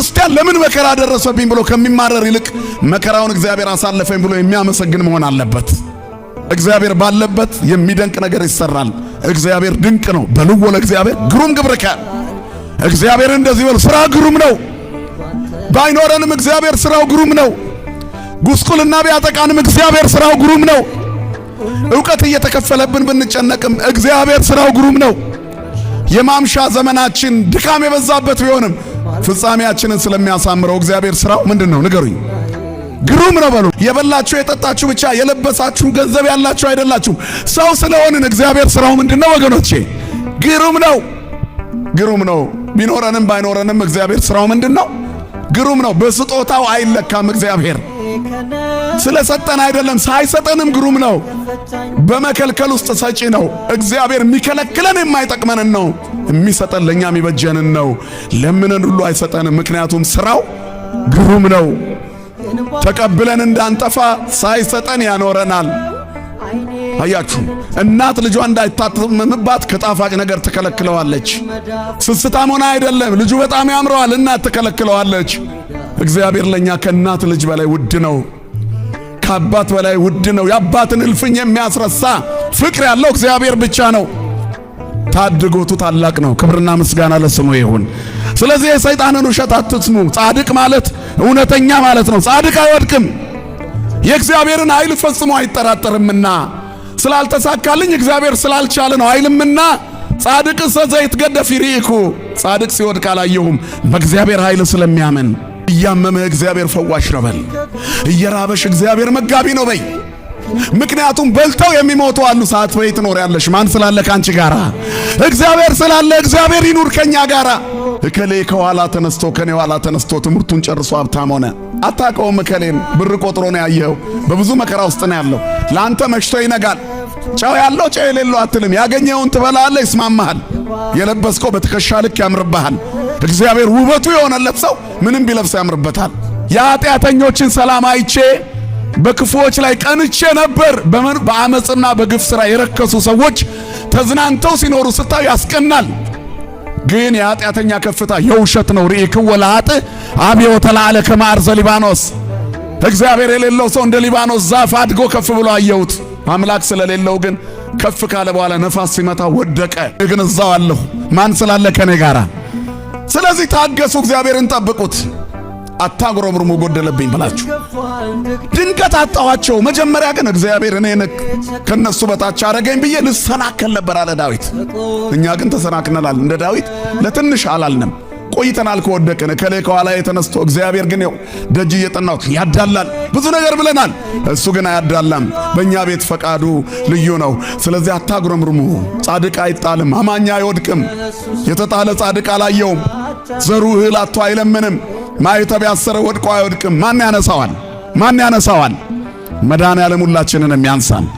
ክርስቲያን ለምን መከራ ደረሰብኝ ብሎ ከሚማረር ይልቅ መከራውን እግዚአብሔር አሳለፈኝ ብሎ የሚያመሰግን መሆን አለበት። እግዚአብሔር ባለበት የሚደንቅ ነገር ይሰራል። እግዚአብሔር ድንቅ ነው። በልዎ ለእግዚአብሔር ግሩም ግብርከ እግዚአብሔር እንደዚህ በል፣ ስራ ግሩም ነው። ባይኖረንም እግዚአብሔር ስራው ግሩም ነው። ጉስቁልና ቢያጠቃንም እግዚአብሔር ስራው ግሩም ነው። እውቀት እየተከፈለብን ብንጨነቅም እግዚአብሔር ስራው ግሩም ነው። የማምሻ ዘመናችን ድካም የበዛበት ቢሆንም ፍጻሜያችንን ስለሚያሳምረው እግዚአብሔር ስራው ምንድን ነው ንገሩኝ። ግሩም ነው በሉ። የበላችሁ የጠጣችሁ ብቻ የለበሳችሁ ገንዘብ ያላችሁ አይደላችሁም። ሰው ስለሆንን እግዚአብሔር ስራው ምንድን ነው ወገኖቼ? ግሩም ነው፣ ግሩም ነው። ቢኖረንም ባይኖረንም እግዚአብሔር ስራው ምንድን ነው? ግሩም ነው። በስጦታው አይለካም እግዚአብሔር ስለ ሰጠን አይደለም፣ ሳይሰጠንም ግሩም ነው። በመከልከል ውስጥ ሰጪ ነው እግዚአብሔር። የሚከለክለን የማይጠቅመንን ነው፣ የሚሰጠን ለእኛ የሚበጀንን ነው። ለምንን ሁሉ አይሰጠንም፣ ምክንያቱም ስራው ግሩም ነው። ተቀብለን እንዳንጠፋ ሳይሰጠን ያኖረናል። አያችሁ፣ እናት ልጇ እንዳይታመምባት ከጣፋጭ ነገር ትከለክለዋለች። ስስታም ሆና አይደለም ልጁ በጣም ያምረዋል፣ እናት ትከለክለዋለች። እግዚአብሔር ለእኛ ከእናት ልጅ በላይ ውድ ነው። ከአባት በላይ ውድ ነው። የአባትን እልፍኝ የሚያስረሳ ፍቅር ያለው እግዚአብሔር ብቻ ነው። ታድጎቱ ታላቅ ነው። ክብርና ምስጋና ለስሙ ይሁን። ስለዚህ የሰይጣንን ውሸት አትስሙ። ጻድቅ ማለት እውነተኛ ማለት ነው። ጻድቅ አይወድቅም፣ የእግዚአብሔርን ኃይል ፈጽሞ አይጠራጠርምና ስላልተሳካልኝ እግዚአብሔር ስላልቻለ ነው አይልምና ጻድቅ ሰዘይት ይትገደፍ ይርኢኩ ጻድቅ ሲወድቅ አላየሁም፣ በእግዚአብሔር ኃይል ስለሚያምን እያመመህ እግዚአብሔር ፈዋሽ ነው በል። እየራበሽ እግዚአብሔር መጋቢ ነው በይ። ምክንያቱም በልተው የሚሞቱ አሉ። ሰዓት በይ ትኖሪያለሽ። ማን ስላለ ካንቺ ጋራ? እግዚአብሔር ስላለ እግዚአብሔር ይኑር ከኛ ጋራ። እከሌ ከኋላ ተነስቶ ከኔ ኋላ ተነስቶ ትምህርቱን ጨርሶ ሀብታም ሆነ። አታውቀውም። እከሌን ብር ቆጥሮ ነው ያየኸው። በብዙ መከራ ውስጥ ነው ያለው። ለአንተ መሽቶ ይነጋል። ጨው ያለው ጨው የሌለው አትልም። ያገኘውን ትበላለህ፣ ይስማማሃል። የለበስከው በትከሻ ልክ ያምርብሃል። እግዚአብሔር ውበቱ የሆነለት ሰው ምንም ቢለብስ ያምርበታል። የኃጢአተኞችን ሰላም አይቼ በክፉዎች ላይ ቀንቼ ነበር። በአመጽና በአመፅና በግፍ ሥራ የረከሱ ሰዎች ተዝናንተው ሲኖሩ ስታዩ ያስቀናል። ግን የኃጢአተኛ ከፍታ የውሸት ነው። ርኢክወ ለኃጥእ አብዮተ ለዓለ ከማርዘ ሊባኖስ እግዚአብሔር የሌለው ሰው እንደ ሊባኖስ ዛፍ አድጎ ከፍ ብሎ አየሁት። አምላክ ስለሌለው ግን ከፍ ካለ በኋላ ነፋስ ሲመታ ወደቀ። ግን እዛው አለሁ። ማን ስላለ ከኔ ጋራ ስለዚህ ታገሱ፣ እግዚአብሔርን ጠብቁት። አታጉረምርሙ ጎደለብኝ ብላችሁ ድንገት አጣኋቸው። መጀመሪያ ግን እግዚአብሔር እኔን ከነሱ በታች አረገኝ ብዬ ልሰናከል ነበር አለ ዳዊት። እኛ ግን ተሰናክነላል። እንደ ዳዊት ለትንሽ አላልንም፣ ቆይተናል ከወደቅን። ከሌ ከኋላ የተነስቶ እግዚአብሔር ግን ው ደጅ እየጠናሁት ያዳላል። ብዙ ነገር ብለናል፣ እሱ ግን አያዳላም። በእኛ ቤት ፈቃዱ ልዩ ነው። ስለዚህ አታጉረምርሙ። ጻድቅ አይጣልም፣ አማኛ አይወድቅም። የተጣለ ጻድቅ አላየውም። ዘሩ እህል አጥቶ አይለምንም። ማይተብ ያሰረ ወድቆ አይወድቅም። ማን ያነሳዋል? ማን ያነሳዋል? መድኃኔ ዓለም ሁላችንን የሚያንሳን